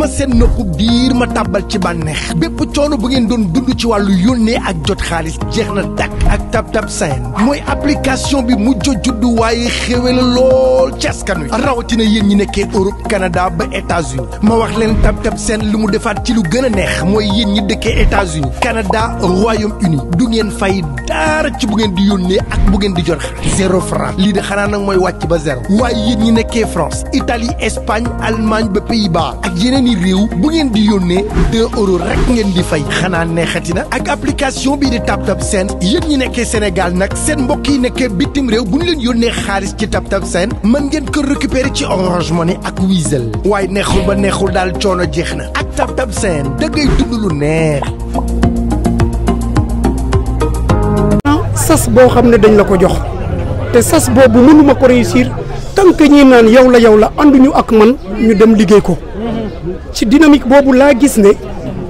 ma seen nopp biir ma tàbbal ci bànneex bépp coono bu ngeen doon dund ci wàllu yónnee ak jot xaalis jeex na dàkk ak Tab Tab Send mooy application bi mu mujj juddu waaye xéwé la lool ci askan wi rawatina yéen ñi nekkee Europe Canada ba États-Unis ma wax leen Tab Tab Send lu mu defaat ci lu gën a neex mooy yéen ñi dëkkee États-Unis Canada Royaume-Uni du ngeen fay dara ci bu ngeen di yónnee ak bu ngeen di jot xaalis zéro franc lii de xanaa nag mooy wàcc ba zéro waaye yéen ñi nekkee France Italie Espagne Allemagne ba Pays-Bas ak seeni réew bu ngeen di yónnee deux euros rek ngeen di fay xanaa neexati na ak application bii di TapTap Send yéen ñi nekkee Sénégal nag seen mbokk yi nekkee bitim réew bu ñu leen yónnee xaalis ci TapTap Send man ngeen kër récupérer ci Orange Money ak Wizall waaye neexul ba neexul daal coono jeex na ak TapTap Send dëgg ngay dund lu neex. sas boo xam ne dañ la ko jox te sas boobu mënuma ko réussir tant que ñi naan yow la yow la ànduñu ak man ñu dem liggéey ko ci dynamique boobu laa gis ne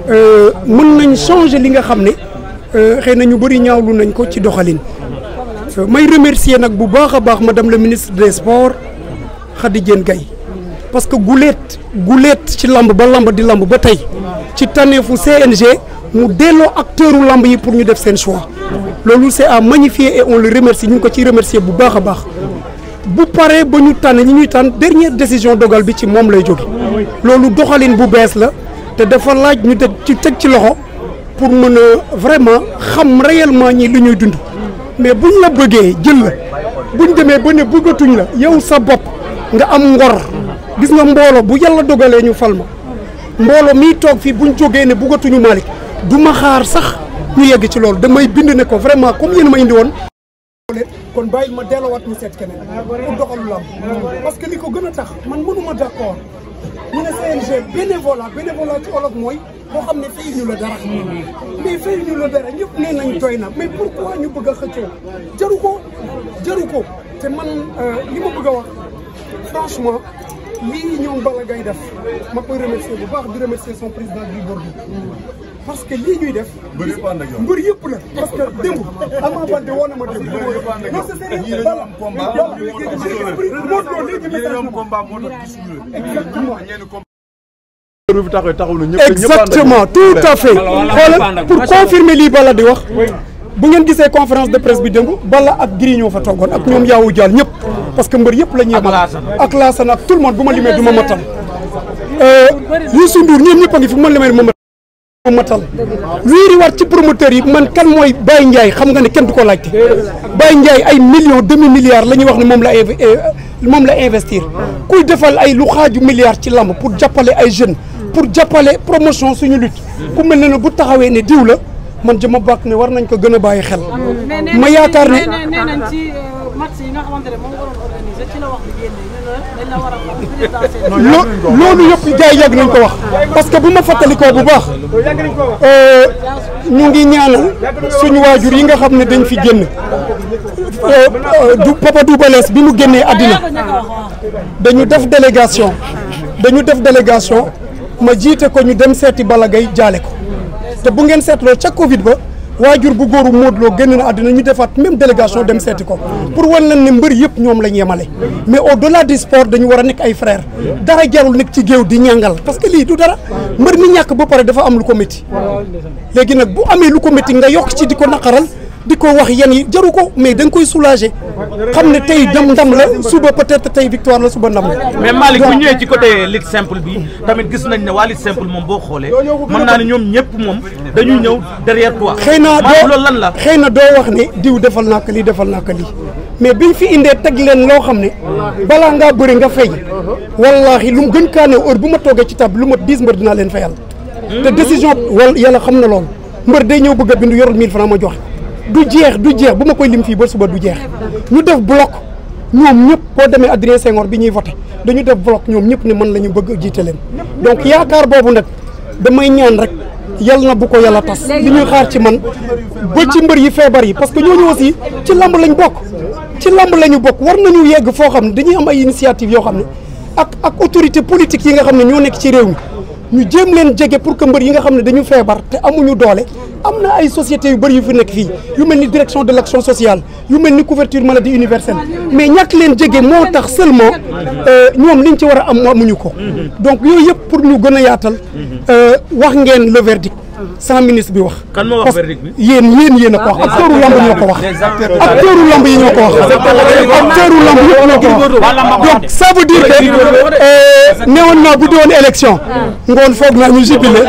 euh, mën nañ changer li nga xam ne euh, xëy na ñu bëri ñaawlu nañ ko ci doxalin euh, may remercier nag bu baax a baax madame la ministre des sports Khady jën Gaye parce que guleet guleet ci lamb ba lamb di lamb ba tey ci fu CNG mu delloo acteuru lamb yi pour ñu def seen choix loolu c'est à magnifier et on le remercie ñu ngi ko ciy remercier bu baax a baax bu paree ba ñu tànn ñi ñuy tànn dernière décision dogal bi ci moom lay jóge loolu doxalin bu bees la te dafa laaj ñu teg ci teg ci loxo pour mën a vraiment xam réellement ñi li ñuy dund mais buñ la bëggee jël la buñ demee ba ne bëggatuñ la yow sa bopp nga am ngor gis nga mboolo bu yàlla dogalee ñu fal ma mboolo mii toog fii bu ñu jógee ne buggatuñu Malick du ma xaar sax ñu yegg ci loolu damay bind ne ko vraiment comme yéen ma indi woon kon bàyyil ma delloowaat ñu seet keneen pour doxalu lamb parce que li ko gën a tax man mënuma d'accord ñu ne CNG bénévolat bénévolat ci olof mooy boo xam ne fay ñu la dara mais fay ñu la dara ñëpp nee nañ doy na mais pourquoi ñu bëgg a xëccoo jaru ko jaru ko te man euh, li ma bëgg a wax franchement lii ñoom bala gay def ma koy remercier bu baax di remercier son président du Bordeaux parce que lii ñuy def. mbër yëpp ànd ak yow mbër yëpp la parce que démb Ama Baldé woon na ma démb. mbër yëpp ànd ak yow ñii dañoo am combat exactement. exactement tout à fait. xoolal pour confirmer lii Balla di wax. bu ngeen gisee conférence de presse bi démb Balla ak Gris ñoo fa toogoon ak ñoom yaawu jaal ñëpp. parce que mbër yëpp la ñuy amal ak Laasana ak tout le monde bu ma limee du ma matal. Euh, Youssou Ndour ñoom ñëpp a ngi fi bu ma limee du ma matal matal wiiri war ci promoteur yi man kan mooy Baye Ndiaye xam nga ne kenn du ko laajte Baye Ndiaye ay millions demi milliards la ñuy wax ne moom la eh, moom la investir kuy defal ay lu xaaju milliards ci lamb pour jàppale ay jeunes pour jàppale promotion suñu lutte ku mel ne ne bu taxawee ne diw la man jëma bàkk ne war nañ ko gën a bàyyi xel ma yaakaar ne euh, loo loolu yëpp jaay yàgg nañ ko wax parce que bu ma fàttalikoo bu baax euh, ñu ngi ñaanal suñu waajur yi nga xam ne dañ fi génn euh, euh, du Papa Double Less bi mu génnee àddina dañu def délégation dañu def délégation ma jiite ko ñu dem seeti Balla Gaye jaale ko te bu ngeen seetloo ca Covid ba waajur bu góoru Modou Lo génn na àddina ñu defaat même délégation dem seeti ko pour wan leen ne mbër yëpp ñoom la ñu yemale mais au delà du sport dañu war a nekk ay frère dara jarul nekk ci géew di ñàngal parce que lii du dara mbër mi ñàkk ba pare dafa am lu ko métti léegi nag bu amee lu ko métti nga yokk ci di ko naqaral di ko wax yan yi jaru ko mais danga koy soulager xam ne tey dem ndam la suba peut tey victoire la suba ndam la. mais Malick bu ñëwee ci côté ligue simple bi tamit gis nañ ne waa ligue simple moom boo xoolee mën naa ne ñoom ñëpp moom dañuy ñëw derrière toi. xëy na doo loolu lan la. xëy na doo wax ne diw defal naa ko lii defal naa ko lii mais biñ fi indee teg leen loo xam ne balaa ngaa bëri nga fay wallaahi lu gën kaa ne heure bu ma toogee ci table lu ma dix mbër dinaa leen fayal. te décision wala yàlla xam na loolu mbër day ñëw bëgg a bindu yorul ma joxe. du jeex du jeex bu ma koy lim fii ba suba du jeex ñu def bloc ñoom ñëpp boo demee Adrien Senghor bi ñuy voté dañu def bloc ñoom ñëpp ne man la bëgg a jiite leen donc yaakaar boobu nag damay ñaan rek yal na bu ko yàlla tas li ñuy xaar ci man ba ci mbër yi feebar yi parce que ñooñu aussi ci lamb lañ bokk ci lamb lañu bokk war nañu yegg foo xam ne dañuy am ay initiative yoo xam ne ak ak autorité politique yi nga xam ne ñoo nekk ci réew mi ñu jéem leen jege pour que mbër yi nga xam ne dañu feebar te amuñu doole am na ay sociétés yu bëri yu fi nekk fii yu mel ni direction de l' action sociale yu mel ni couverture maladie universelle mais ñàkk leen jege moo tax seulement euh, ñoom liñ ci war a am amuñu ko mm-hmm. donc yooyu yëpp pour ñu gën a yaatal euh, wax ngeen le verdict sans ministre bi wax. kan moo wax verdict bi a wax acteuru lamb ñoo ko wax. acteuru lamb ñoo ko wax. donc ça veut dire que euh, newoon naa bu doon élection ngoon foog naa ñu jubilé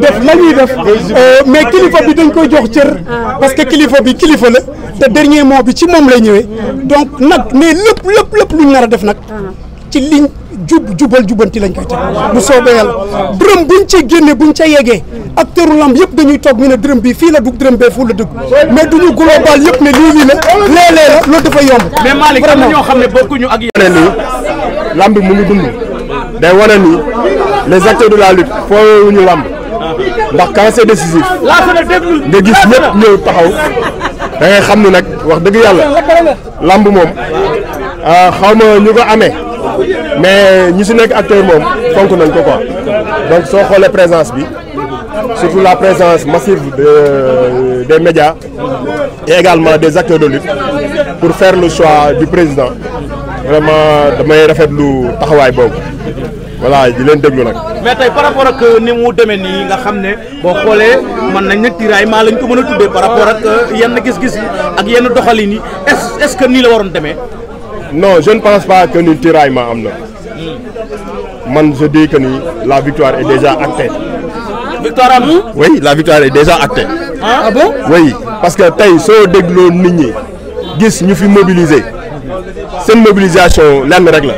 def la def euh, mais kilifa bi dañ koy jox cër parce que kilifa bi kilifa la te dernier mot bi ci moom lay ñëwee donc nag mais lépp lépp lépp luñ nar def nag. ci liñ jub jubal jubanti lañ koy teg bu soobee yàlla dërëm buñ ci génne buñ ca yeggee acteuru lamb yëpp dañuy toog ñu ne dërëm bi fii la dugg dërëm bee fu la dugg mais duñu global yëpp ne lii lii la léeg-léeg loolu dafa yomb mais Malick am na ñoo xam ne bokkuñu ak wane nii lamb mu ngi dund day wane les acteurs de la lutte fooyewuñu lamb ndax quand c'est décisif nga gis ñëpp ñëw taxaw da xam ni nag wax dëgg yàlla làmb moom ah, xaw ma ñu ko amee mais ñi si nekk acteur moom fonk nañ ko quoi donc soo xoolee présence bi surtout la présence massive de euh, des médias et également de acteurs de lutte pour faire le choix du président vraiment damay rafetlu taxawaay boobu voilà di leen déglu nag. mais tey par rapport ak euh, ni mu demee nii nga xam ne boo xoolee mën nañ nag tiraay maa lañ ko mën a tuddee par rapport ak euh, yenn gis-gis ak yenn doxalin yi est-ce que nii la waroon demee. non je ne pense pas que ni tiraillement am na. man je dis que ni la victoire est déjà actée. victoire am oui la victoire est déjà actée. Ah, ah bon oui parce que tey soo dégloo ni ñi gis ñu fi mobiliser seen mobilisation lenn rek la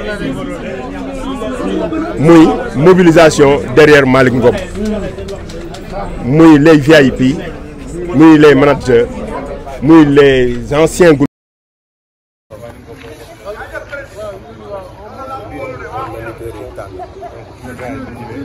muy mobilisation derrière Malick Ngom muy les VIP muy les managers muy ancien anciens. donc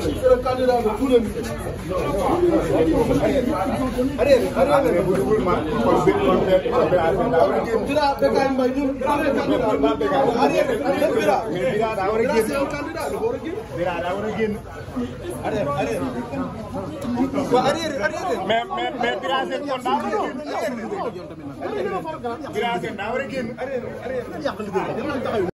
C'est le candidat de tous les mais mais mais Bira Sène kon daa war a ñëw. Bira Sène daa war a génn.